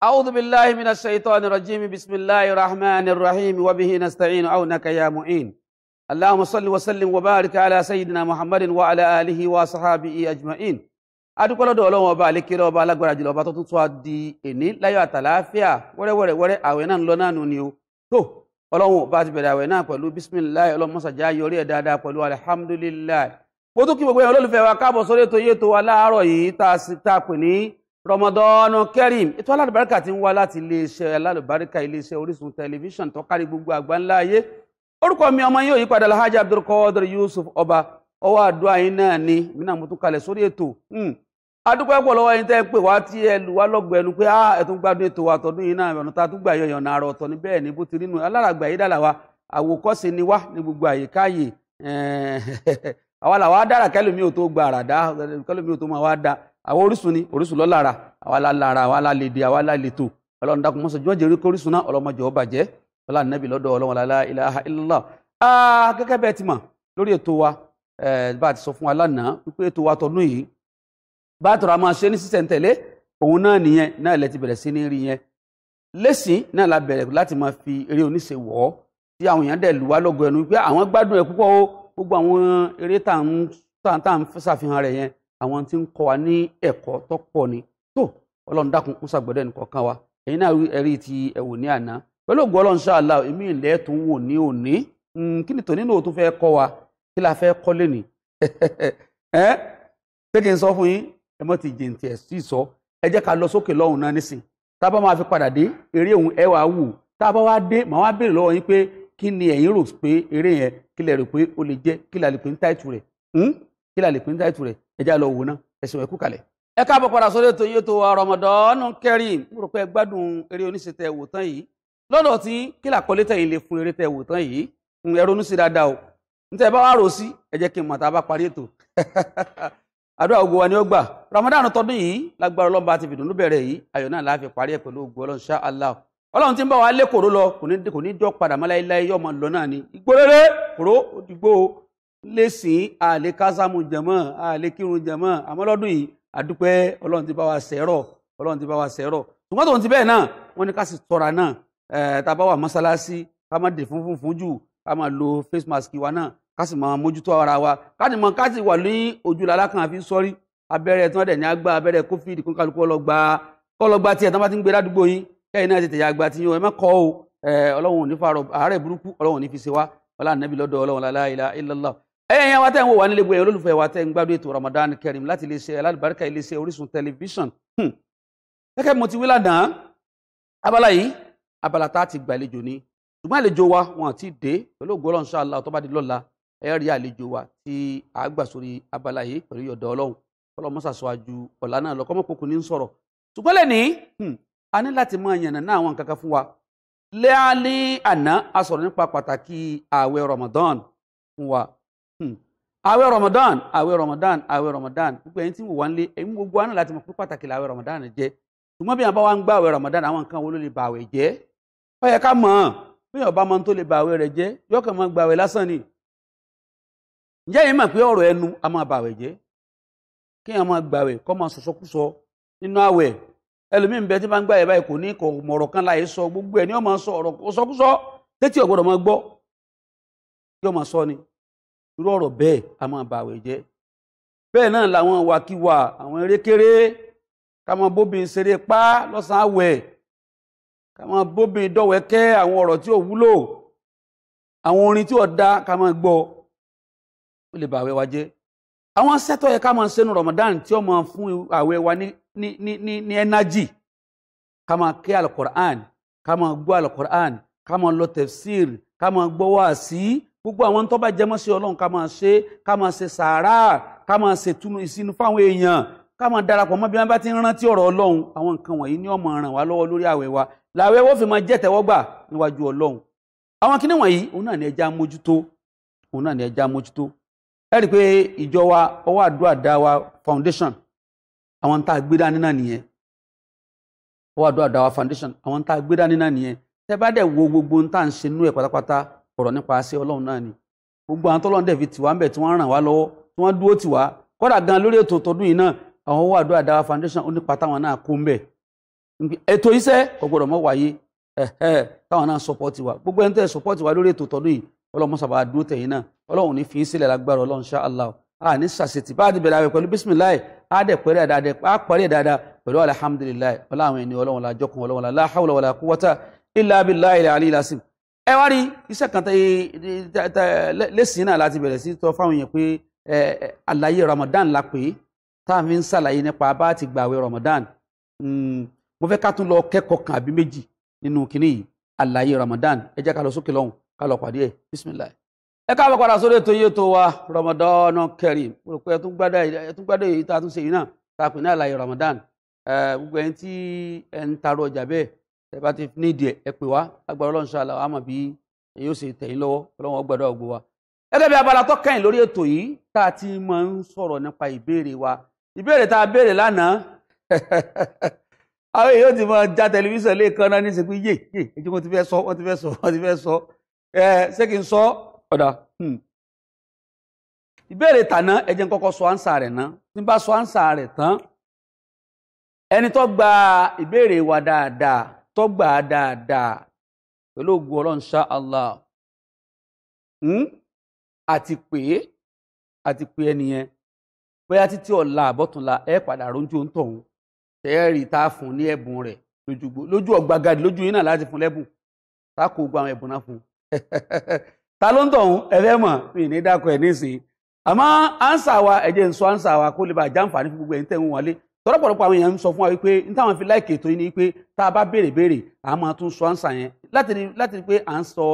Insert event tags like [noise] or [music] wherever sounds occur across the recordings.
أعوذ بالله من الشيطان الرجيم بسم الله الرحمن الرحيم وبه نستعين عونك يا معين اللهم صل وسلم وبارك على سيدنا محمد وعلى آله وصحابه أجمعين adúpẹ́ lọ́dọ̀ ọlọ́run ọba àlékèrè ọba alágbára jùlọ ọba tó tún tún á di èní láyọ̀ àtàláfíà wẹ́rẹ́wẹ́rẹ́ wẹ́rẹ́ àwẹ̀ náà ń lọ náà nù ni o tó ọlọ́run ọba ti bẹ̀rẹ̀ àwẹ̀ náà pẹ̀lú bisimilayi ọlọ́run mọ́sàjá yọrí ẹ̀ dáadáa pẹ̀lú alihamudulilayi mo tún kí gbogbo yẹn olólùfẹ́ wa káàbọ̀ sórí ètò yẹtò wa láàárọ̀ yìí tá a pè ní rọmọdọ́nù kẹrìm ètò alálùbáríkà ti ń wá láti iléeṣẹ́ alálùbáríkà iléeṣẹ́ orísun tẹlifíṣàn tó kárí gbogbo àgbáńlá ayé orúkọ mi ọmọ yóò yípadà alhaji abdulkadir yusuf ọba ọwọ́ àdúrà yín náà ni mí náà mo tún kalẹ̀ sórí ètò hmm. adúpẹ́ pọ̀ lọ́wọ́ yín tẹ́ ń pè wá tí ẹ lù wá lọ́gbọ̀ọ́ ẹnu pé ẹ tún gbádùn ètò wa tọdún yìí náà ọ̀nà tá a tún gbà yọyàn náà ọ̀tọ̀ ni bẹ́ẹ̀ ni bó ti rínú aláràgbà yìí dàlà wa àwòkọ́ṣe ni wá ní gbogbo àyíká yìí àwa làwa dára kẹlòmí ò tó gba àràdá kẹlòmí ò tó máa wá dáa àwọn orísun ni orísun lọ lára àwa la lára àwa la lèdè àwa la lètò ọlọ́run dákun mọ́sọ̀ jọ́jẹ́ rí kórísun náà ọlọ́mọjọ́ ọ bàjẹ́ ọlá nẹ́bí lọ́dọ̀ ọlọ́run lálá ilaha illallah gẹ́gẹ́ bẹ́ẹ̀ ti mọ̀ lórí ètò wa bá a ti sọ fún wa lánàá wípé ètò wa tọdún yìí bá a tọrọ a máa ṣe ní sísẹ̀ntẹ̀lé òun náà nìyẹn náà lẹ ti bẹ̀rẹ̀ sí ní rí yẹn lẹ́sìn náà la bẹ̀rẹ̀ láti máa fi eré oníṣe wọ̀ ọ́ tí àwọn èèyàn dẹ̀ lù wá lọ́gọ̀ ẹnu wípé àwọn gbádùn ẹ̀ púpọ̀ o gbogbo àwọn eré tá à ń ṣàfihàn rẹ̀ yẹn àwọn tí ń kọ́ wa ní ẹ̀kọ́ tó pọ̀ ni tó ọlọ́run dákun kó ṣàgbọ́dẹ̀ nìkan kan wa ẹ̀yin náà ẹ̀rí ti ẹ̀wò ní àná pẹ̀lú ògùn ọlọ́run ṣáàlà èmi ìlẹ̀ tó ń wò ní òní hmm, kí ni tòní náà tó fẹ́ kọ́ wa kí la fẹ́ kọ́ lẹ́nìí [laughs] ẹ ṣé kí n sọ fún yín ẹ mọ́ ti jìntì ẹ̀ sí sọ ẹ jẹ́ ká lọ sókè lọ́hùn náà nísìn tá a bá máa fi padà dé eré òun ẹ wàá wù tá a bá wá dé màá wá béèrè lọ́wọ́ yín pé kí ni ẹ̀yin rò pé eré yẹn kí lẹ rò pé ó lè jẹ́ kí la lè pè ní táìtù rẹ̀ hmm, kí la lè pè ní táìtù rẹ̀ ẹjá lọ wò náà ẹsùn ẹkú kalẹ̀. ẹ káàbọ̀ padà sórí ètò yìí tó wa Ramadan Kareem mo rò pé gbádùn eré oníṣe tẹ wò tán yìí lọ́dọ̀ tí kílà kọ́lé tẹ̀yìn lè fún eré tẹ wò tán yìí ń ẹ ronú sí dáadáa o n tẹ bá wà rò sí ẹ jẹ́ kí n mọ̀ tá a bá parí ètò [laughs] àdúrà ògo wa ni ó gbà Ramadan tọdún yìí lágbára ọlọ́mọba ti fìdùnnú bẹ̀rẹ̀ yìí ayọ̀ náà la fi parí ẹ̀ pẹ̀lú ògo Ọlọ́run ṣá Allah Ọlọ́run ti ń bá wa lé kòró lọ kò ní jọ́ padà mọ́ láéláé yọ̀ọ́ mọ́ lọ náà ni ìgbóréré kòró ìgbó lẹ́sìn àlè kásámù jẹ̀mọ́ àlè kírun jẹ̀mọ́ àmọ́ lọ́dún yìí àdúpẹ́ ọlọ́run ti bá wa sẹ́rọ̀ ọlọ́run ti bá wa sẹ́rọ̀ ṣùgbọ́n tòun ti bẹ́ẹ̀ náà wọ́n ní ká sì tọ́ra náà tá a bá wà mọ́sálásí ká má dè fún fún jù ká má lo face mask wa náà ká sì máa mójútó ara wa ká sì mọ ká sì wà ní ojú làlá kan àfi sọ́rí abẹ́rẹ́ tí wọ́n dẹ̀ ní agbá abẹ́rẹ́ covid kó kálukú ọlọ́gba kọ́lọ́gba tiẹ̀ tí wọ́n bá ti ń gbé ládùúgbò yín kẹ́yìn náà tètè ya agba tiyan ẹ má kọ́ o ọlọ́run ò ní fa àárẹ̀ burúkú ọlọ́run ò ẹ̀yin àwọn tẹ́ ń wò wá nílé gbẹ̀yẹ̀ olólùfẹ́ wa tẹ́ ń gbádùn ètò Ramadan Kareem láti iléeṣẹ́ alábàárìkà iléeṣẹ́ Orísun tẹlifíṣàn hmm. gẹ́gẹ́ mo ti wí lánàá abala yìí abala tá a ti gba àlejò ni ṣùgbọ́n àlejò wa wọn àti dé pẹ̀lú ògo Ọlọ́run ṣáàlà tó bá di lọ́la ẹ rí àlejò wa tí a gbà sórí abala yìí pẹ̀lú yọ̀dọ̀ Ọlọ́run Ọlọ́run mọ́sàsọ àjù ọ̀la náà lọ́kọ́ hmm, Ramadan fún Hmm. àwẹ̀ Ramadan àwẹ̀ Ramadan àwẹ̀ Ramadan gbogbo ẹni tí mo wà ń lé ẹ̀mí gbogbo àná láti mọ̀ pé pàtàkì làwẹ̀ Ramadan jẹ́ ṣùgbọ́n bí àbá wa ń gbà àwẹ̀ Ramadan àwọn nǹkan wo ló lè ba àwẹ̀ jẹ́ ó yẹ ká mọ̀ ọ́n bí ọba mọ́ tó lè ba àwẹ̀ rẹ̀ jẹ́ yọkàn mọ́ gbà àwẹ̀ lásán ni ǹjẹ́ yìí mọ̀ pé ọ̀rọ̀ ẹnu a máa ba àwẹ̀ jẹ́ kéèyàn máa gbàwẹ̀ kó máa sọ̀sọ́kúsọ nínú àwẹ̀ ẹlòmíín bẹ tí máa ń gbàwẹ̀ báyìí kò ní kò mọ̀rọ̀ kan láyé sọ irú ọ̀rọ̀ bẹ́ẹ̀ a máa ba àwẹ̀ jẹ́ bẹ́ẹ̀ náà làwọn wàkiwà àwọn erékeré ká bóbin ṣeré pa lọ́sàn-án àwẹ̀ ká máa bóbin dọ́wẹ́kẹ́ àwọn ọ̀rọ̀ tí ò wúlò àwọn orin tí ò da ká máa gbọ́ ó lè ba àwẹ̀ wa jẹ́ àwọn sẹ́tọ̀ yẹ ká máa ṣe Ramadan tí ó máa fún àwẹ̀ wa ní ní ní ní ẹnájì ká máa ké alukur'an ká máa gbọ́ alukur'an ká máa lọ tẹ̀fsíìr ká máa gbọ́ wáàsí gbogbo àwọn tó bá jẹmọ́ sí ọlọ́run ká máa ṣe ká máa ṣe sàárà ká máa ṣe ìsinú fáwọn èèyàn ká máa darapọ̀ mọ́ bí ti ń rántí ọ̀rọ̀ ọlọ́run àwọn nǹkan wọ̀nyí ni ọmọ máa ràn wá lọ́wọ́ lórí àwẹ̀ wa làwẹ̀ wọ́n fi máa jẹ́ tẹ́wọ́gbà níwájú ọlọ́run àwọn kinní wọ̀nyí òun náà ni ẹja mójútó òun náà ẹja mójútó ẹ rí i pé ìjọ wa ọwọ́ àdúrà dá wa foundation àwọn tá a gbé dání náà nìyẹn ọwọ́ àdúrà dá wa wo gbogbo ń ọ̀rọ̀ nípa àṣẹ ọlọ́run náà ni gbogbo àwọn tọ́lọ́run dẹ̀ fi tiwa ń bẹ̀ tí wọ́n ràn wá lọ́wọ́ tí wọ́n dúró tiwa kódà gan lórí ètò tọdún yìí náà àwọn owó àdúrà dáwà foundation onípa táwọn náà kó ń bẹ̀ ètò iṣẹ́ kò mọ́ wáyé táwọn náà support wa gbogbo ẹni tẹ́ support wa lórí ètò tọdún yìí ọlọ́run mọ́sàbà dúró tẹ̀yìn náà ọlọ́run ní fi í sílẹ̀ lágbára ọlọ́run ṣá allah a ní sàṣetì bá a ti bẹ̀rẹ̀ àwẹ̀ pẹ̀lú bisimilayi a dẹ̀ pẹ̀rẹ̀ dáadáa a pẹ̀rẹ̀ dáadáa pẹ̀lú alihamudulilayi ọlọ́run ẹni ọlọ́run la ọlọ́run la la hawla wala quwwata illa billahi ẹ wá rí iṣẹ́ kan tẹ lẹ́sìn náà láti bẹ̀rẹ̀ sí tọ́ fáwọn èèyàn pé àlàyé Ramadan la pé tá a fi ń ṣàlàyé nípa bá a ti gbàwé Ramadan hmm, mo fẹ́ ká tún lọ kẹ́kọ̀ọ́ kan àbí méjì nínú kínní yìí àlàyé Ramadan ẹ jẹ́ ká lọ sókè lọ́hùn ká lọ pàdé ẹ̀ bisimilayi. ẹ káàbọ̀ padà sórí ètò yìí tó wa Ramadan Kareem mo rò pé ẹ tún gbádùn èyí tá a tún ṣe yìí náà tá a pè ní àlàyé Ramadan gbogbo ẹni tí ẹ ń tarọ ọjà bẹ́ẹ̀ ẹ ti ní ìdí ẹ ẹ pè wá agbára Ọlọ́run ṣáàlà mọ̀ bí yóò ṣe tẹ̀yìn lọ́wọ́ Ọlọ́run wa. gẹ́gẹ́ bí abala tó kẹ́yìn lórí ètò yìí tá ti máa ń sọ̀rọ̀ nípa ìbéèrè wa ìbéèrè tá a béèrè lánàá [laughs] àwọn èèyàn ti máa já tẹlifíṣàn lẹ́ẹ̀kan náà ní yé yé ẹjọ́ wọn ti fẹ́ sọ wọn ti fẹ́ sọ wọn ti fẹ́ sọ ẹ hmm. ẹ kọ́kọ́ sọ rẹ̀ ná tí n bá sọ rẹ̀ tán ẹni tó gba ìbéèrè wa dáadáa tó gbà á dáadáa pẹ̀lú ògùn ọlọ́run ṣá allah àti hmm? pé àti pé ẹnìyẹn bóyá títí ọ̀la àbọ̀túnla ẹ padà rójú ń tọ̀hún tẹ́ẹ̀rì tá a fún ní ẹ̀bùn rẹ̀ lójú ọ̀gbagadì lójú yín náà láti fún lẹ́bùn tá a kó gbọ́ àwọn ẹ̀bùn náà fún un [laughs] ta ló ń tọ̀hún ẹ fẹ́ mọ̀ mi ní dákọ̀ ẹ̀ nísìnyí àmọ́ ánsà wa ẹ jẹ́ sọ ánsà wa kó lè bá àjàǹfààní fún gbogbo ẹ̀ ń tẹ̀ wọlé tọ́lọ́pọ̀lọpọ̀ àwọn èèyàn ń sọ fún wa wípé ní táwọn fi láìkè tó ní pé tá a bá béèrè béèrè a máa tún sọ àǹsà yẹn láti rí láti rí pé à ń sọ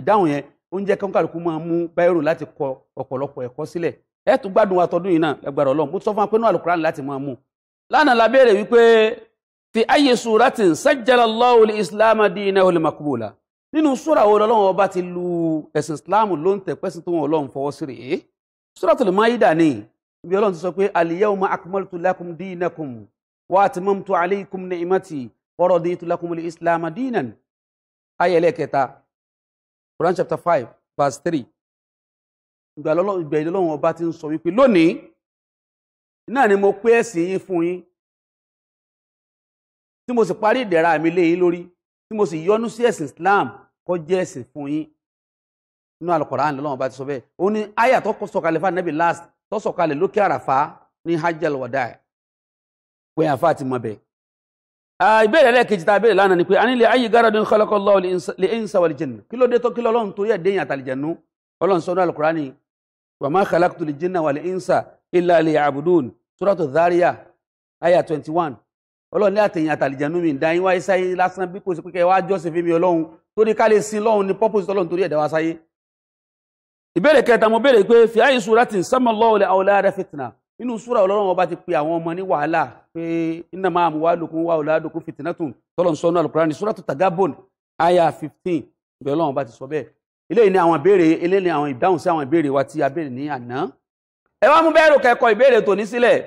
ìdáhùn yẹn ó ń jẹ́ kọ́ńkàlùkù máa mú báyìrò láti kọ ọ̀pọ̀lọpọ̀ ẹ̀kọ́ sílẹ̀ ẹ tún gbádùn wa tọdún yìí náà lágbára Ọlọ́run mo sọ fún wa pé ní Al-Qur'an láti máa mú. lánàá la béèrè wípé fi ayé suratin sajjala Allahu al-Islam dinahu al-maqbula nínú súra wo lọ́lọ́run ọba ti lu ẹ̀sìn Islam ló ń tẹ̀ pẹ́sìn tó wọn Ọlọ́run fọwọ́ sí rèé Suratul Maida ni ibi ọlọ́run ti sọ pé al-yawma akmaltu lakum dinakum wa atmamtu alaykum ni'mati wa raditu lakum al-islam dinan ayé ẹlẹ́kẹta Quran chapter five verse three ìgbà ìlọ́lọ́run ọba ti ń sọ wípé lónìí náà ni mo pé ẹ̀sìn yín fún yín tí mo sì parí ìdẹ̀ra mi lé yín lórí tí mo sì yọ́nú sí ẹ̀sìn Islam kó jẹ́ ẹ̀sìn fún yín inú Al-Qur'an lọ́lọ́run ọba ti sọ bẹ́ẹ̀ ó ní àyà tó sọ̀kalẹ̀ fún anabi last tó sọ̀kalẹ̀ lókè àràfá ní hajjal wada pé àfa ti mọ̀ bẹ́ẹ̀. ìbéèrè ẹlẹ́ẹ̀kejì tá a béèrè lánàá ni pé anílẹ̀ ayé garadun khalaqa Allahu lè ń sa wàlí jẹ̀nà kí ló dé tó kí lọ́lọ́run torí ẹ̀ déyìn àtàlìjẹ̀nu ọlọ́run sọ́nà alukurani wa ma khalaqtu lè jẹ́nà wàlí ń sa illa liya'budun suratu Dhariya aya twenty one ọlọ́run ní àtẹ̀yìn àtàlìjẹ̀nu mi dáyìn wáyé sáyé ìbéèrè kẹta mo béèrè pé fi ayé sura ti sàmàlọ́wọ́ lẹ àwòlá rẹ fìtìnà nínú sura ọlọ́run ọba ti pe àwọn ọmọ ní wàhálà pé iná máa mú wa lókun wa ọ̀là lókun fìtìnà tún tọ́lọ̀ ń aya fifteen ọba ti sọ bẹ́ẹ̀ eléyìí ni àwọn ìbéèrè eléyìí ni àwọn ìdáhùn sí àwọn ìbéèrè wa ní àná. ìbéèrè sílẹ̀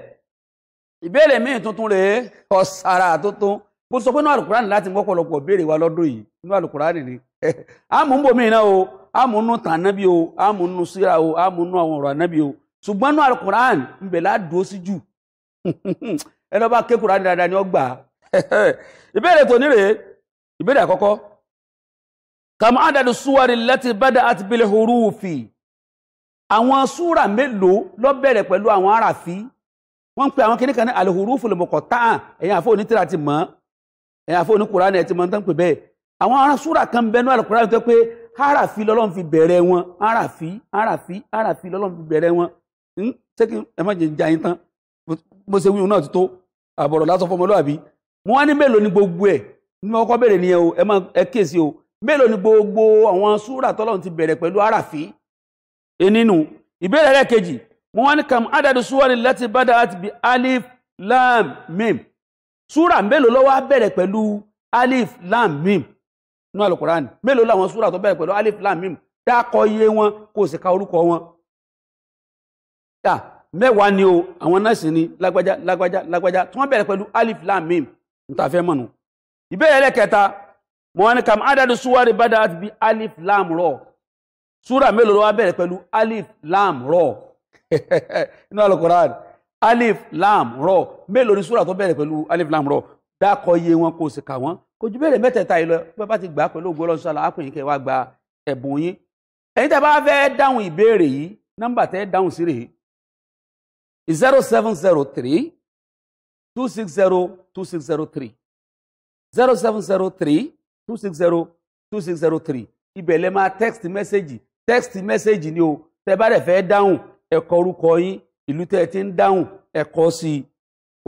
ìbéèrè [laughs] àmúnú tànábì o àmúnú síra o àmúnú àwọn ọ̀rọ̀ ànábì o ṣùgbọ́n nínú alukur'an ńbẹ̀ ládùú sí jù [laughs] ẹni ọba ké kur'an dáadáa ni ó gbà [laughs] ìbéèrè tòní rèé ìbéèrè àkọ́kọ́ kàmú àdàdù súwárì lẹ́tì bẹ́dẹ̀ àti bílẹ̀ hurufi àwọn súra mélòó ló bẹ̀rẹ̀ pẹ̀lú àwọn àràfí wọ́n ń pe àwọn kìnnìkan ní alihurúfù lèmọ̀kọ̀ táà ẹ̀yìn àfọ̀ onítìrà ti mọ̀ ẹ̀yìn àfọ̀ oníkùránì ẹ̀ ti mọ̀ ń tán pè bẹ́ẹ̀ àwọn súra kan bẹnu àlùkùránì tó pé harafi lọ́lọ́run fi bẹ̀rẹ̀ wọn harafi harafi harafi lọ́lọ́run fi bẹ̀rẹ̀ wọn ṣé kí ẹ má jẹ́ ń jayín tán bó ṣe wíwọn náà ti tó àbọ̀rọ̀ lásán fọmọlúwàbí mo wá ní mélòó ni gbogbo ẹ̀ ní mo kọ́kọ́ bẹ̀rẹ̀ nìyẹn o ẹ má ẹ kíyèsí o mélòó ni gbogbo àwọn súrà tọ́lọ́run ti bẹ̀rẹ̀ pẹ̀lú harafi eninu ìbéèrè rẹ̀ kejì mo wá ní kam adadu suwari láti bada láti bi alif lam mim súrà mélòó ló wá bẹ̀rẹ̀ pẹ̀lú alif lam mim ní alukoran mélòó làwọn súrà tó bẹ̀rẹ̀ pẹ̀lú alif lam mim dákọ iye wọn kó o sì ka orúkọ wọn. ta mẹ́wàá ni o àwọn nọ́ọ̀sì ni lágbájá lágbájá lágbájá tí wọ́n bẹ̀rẹ̀ pẹ̀lú alif lam mim níta fẹ́ mọ̀nù. ìbéèrè lẹ́kẹta mo wá ní kam adadu suwari bada àti bi alif lam rọ súrà mélòó ló wá bẹ̀rẹ̀ pẹ̀lú alif lam rọ [laughs] ní alukoran alif lam rọ mélòó ni súrà tó bẹ̀rẹ̀ pẹ̀lú alif lam rọ dákọ iye wọn kó sì ka wọn kò ju béèrè mẹ́tẹ̀ẹ̀ta yìí lọ bí wọ́n bá ti gbà á pẹ̀lú ògbó ọlọ́run sọ́la ápè yín kẹ́ wá gba ẹ̀bùn yín ẹ̀yin tẹ́ bá fẹ́ dáhùn ìbéèrè yìí nọ́mbà tẹ́ dáhùn sí rèé zero seven zero three two six zero two six zero three zero seven zero three two six zero two six zero three ibẹ̀ lẹ máa text message text message ni o tẹ́ bá dẹ̀ fẹ́ dáhùn ẹ kọ orúkọ yín ìlú tẹ́ ẹ ti ń dáhùn ẹ sí i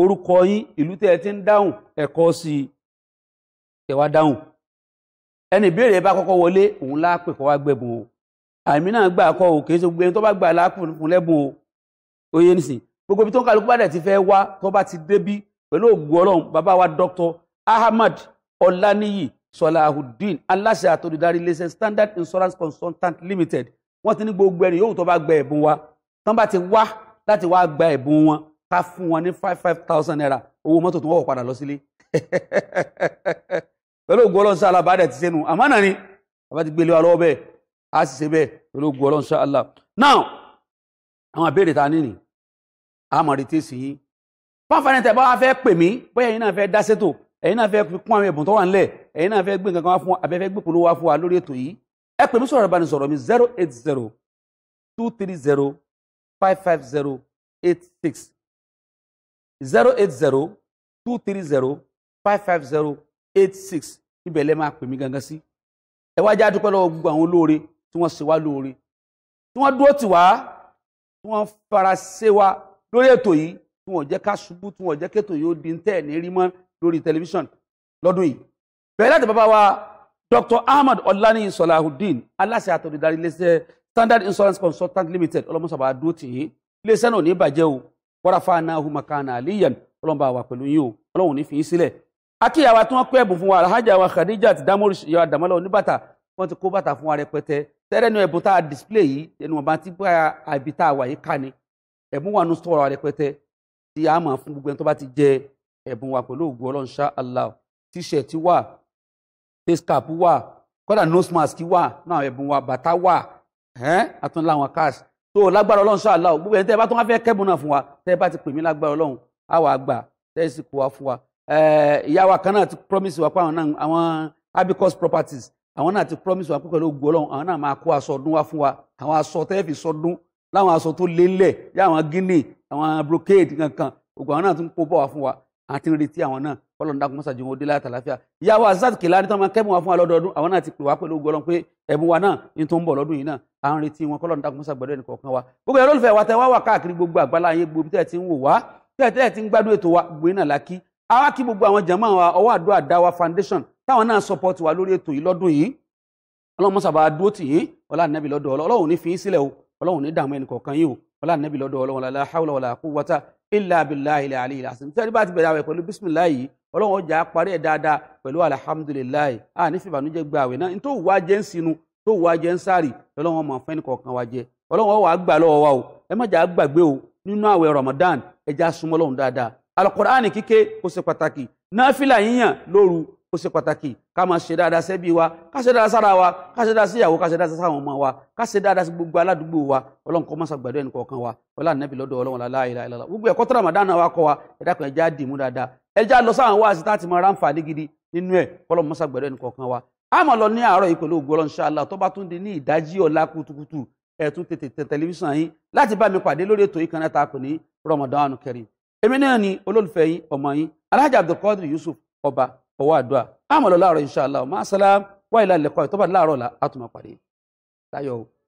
orúkọ yín ìlú tẹ́ ẹ ti ń dáhùn ẹ sí i tẹ wá dáhùn ẹni ìbéèrè bá kọ́kọ́ wọlé òun láàpè kọ́ wá o àmì náà gbà kọ́ o kì í tó bá gbà láàpùn o oyè nìsín gbogbo ibi tó ń kálukú bá dẹ̀ ti fẹ́ wá tó bá ti débí pẹ̀lú ògùn ọlọ́run bàbá wa Dr. Ahmad Ọláníyì Sọláhùdín aláṣẹ àtòlùdarí iléeṣẹ́ Standard Insurance Consultant Limited wọ́n ti ní gbogbo ẹni yòówù tó bá gba ẹ̀bùn wa tán bá ti wá láti wá gba ẹ̀bùn wọn ká fún wọn ní five five thousand naira owó mọ́tò tó wọ́n padà lọ sílé [laughs] pẹ̀lú ògùn ọlọ́run sáà alábàádẹ ti sẹ́nu àmánà ni bàbá ti gbélé wa lọ́wọ́ bẹ́ẹ̀ a sì ṣe bẹ́ẹ̀ pẹ̀lú ògùn ọlọ́run alá now àwọn àbẹ̀rẹ̀ ta nínì àmọ̀ retí sí yín fáfáni tẹ̀ bá wá fẹ́ pè mí bóyá ẹ̀yin náà fẹ́ dá sétò ẹ̀yin náà fẹ́ kún àwọn ẹ̀bùn tó wà ńlẹ̀ ẹ̀yin náà fẹ́ gbé nǹkan kan wá fún wa àbẹ́fẹ́ gbé polówó wá fún wa lórí ètò yìí ẹ pè mí sọ̀rọ̀ ìbánisọ̀rọ̀ mi zero eight zero two three zero five five zero eight six zero eight zero two three zero five five zero eight six ibẹ̀ lẹ́ máa pè mí gangan sí ẹ wá já dúpẹ́ lọ́wọ́ gbogbo àwọn olóore tí wọ́n ṣe wá lóore tí wọ́n dúró tì wá tí wọ́n fara ṣe wá lórí ètò yìí tí wọ́n jẹ́ ká ṣubú tí wọ́n jẹ́ kétò yìí di tẹ́ ní rí mọ́ lórí tẹlifíṣàn lọ́dún yìí bẹ̀rẹ̀ láti bàbá wa Dr. Ahmad Ọláníyì Sọláhùdín aláṣẹ àtọ̀dídarí iléeṣẹ́ Standard Insurance Consultant Limited ọlọ́mọṣàbà dúró tì yín iléeṣẹ́ náà ní bàjẹ́ o wọ́n ra fáaná ahùn makana aliyan ọlọ́mọba wà pẹ̀lú yín o ọlọ́run ní fi yín sílẹ̀ akíyàwá tí wọ́n kó ẹ̀bùn fún wa alhaja wa khadija ti dámọ́rì yọ àdàmọ́lá oníbàtà wọ́n ti kó bàtà fún wa rẹpẹtẹ tẹ́rẹ́nu ẹ̀bùn tá a display yìí ẹnu ọ̀bá tí bá àbí tá a wà yìí ká ni ẹ̀bùn wa nu sọ̀rọ̀ wa rẹpẹtẹ tí a máa fún gbogbo ẹni tó bá ti jẹ ẹ̀bùn wa pẹ̀lú ògùn ọlọ́run ṣá allah t-shirt wa, face cap wà kódà nose mask wà náà ẹ̀bùn wa bàtà wà ẹ́n àtún láwọn cash tó o lágbára ọlọ́run ṣá allah gbogbo ẹni tẹ́ ẹ bá tún wá fẹ́ kẹ́bùn náà fún wa tẹ́ ẹ bá ti pè mí lágbára ọlọ́run á wàá gbà ẹ sì kó wa fún wa Eh, ìyá wa kan náà ti promise wa pé àwọn náà àwọn abicus properties àwọn náà ti promise wa pé pẹ̀lú ògùn ọlọ́run àwọn náà máa kó aṣọ ọdún wá fún wa àwọn aṣọ tẹ́ẹ̀fì sọdún láwọn aṣọ tó lé ńlẹ̀ yá àwọn guinea àwọn brocade kankan ògùn àwọn náà tún kó bọ̀ wá fún wa àti retí àwọn náà ọlọ́run dákun mọ́sàájú wọn dé láti àlàáfíà ìyá wa azat kìlá ní tọ́mọ kẹ́bùn wa fún wa lọ́dọọdún àwọn náà ti pè wá pẹ̀lú ògùn ọlọ́run pé ẹ̀bùn wa náà ní tó ń bọ̀ lọ́dún yìí náà à ń retí wọn kọ́lọ́run dákun mọ́sàájú gbọ́dọ̀ ẹnìkọ̀ọ̀kan wa gbogbo ẹ̀rọ olùfẹ́ wa tẹ wá wà káàkiri gbogbo àgbálá ayé gbogbo tẹ́ẹ̀ ti ń wò wá tẹ́ẹ̀ tẹ́ẹ̀ ti ń gbádùn ètò wa gbogbo iná lákì àwa kí gbogbo àwọn jàmáà wa ọwọ́ àdúrà dáwà foundation táwọn náà support wa lórí ètò yìí lọ́dún yìí ọlọ́run mọ́sàbà dúró tì yín ọlá nẹ́bí lọ́dọ̀ ọlọ́run ní fi yín sílẹ̀ o ọlọ́run ní dààmú ẹnìkọ̀ọ̀kan yìí o ọlá nẹ́bí lọ́dọ̀ ọlọ́run la hawla wala quwwata illa billahi al-ali al-azim tẹ́lẹ̀ bá ti bẹ̀rẹ̀ àwẹ̀ pẹ̀lú bisimilayi ẹ má jà gbàgbé o nínú àwẹ̀ Ramadan ẹ já súnmọ́ ọlọ́run dáadáa alukur'ani kíké ó ṣe pàtàkì náfìlà yíyàn lóru ó ṣe pàtàkì ká máa ṣe dáadáa sẹ́bí wa ká ṣe dáadáa sára wa ká ṣe dáadáa sí ìyàwó ká ṣe dáadáa sáwọn ọmọ wa ká ṣe dáadáa sí gbogbo aládùúgbò wa ọlọ́run kọ́ mọ́sá gbàdúrà ẹnì kọ̀ọ̀kan wa ọlá nẹ́bí lọ́dọ̀ ọlọ́run lálá ìlà ìlà gbogbo ẹ̀kọ́ tó ramadan náà wa kọ́ wa ẹ̀dá kan ẹja dìímú dáadáa ẹja lọ sáwọn wá sí táàtì gidi nínú ẹ̀ ọlọ́run mọ́sá gbàdúrà ẹnì kọ̀ọ̀kan wa a máa lọ ní àárọ̀ yìí pẹ̀lú ògo ọlọ́run ṣáàlà tó bá tún di ní ìdájí ọ̀la kùtùkùtù ẹ tún tètè tẹ èmi náà ni olólùfẹ́ yín ọmọ yín alhaji abdulkadir yusuf ọba ọwọ́ àdúrà àmọ́ lọ láàárọ̀ inshallah maṣálá wáyé lálẹ́kọ̀ọ́ ìtọ́ba láàárọ̀ la àtúmọ̀ pàdé láyọ̀ o.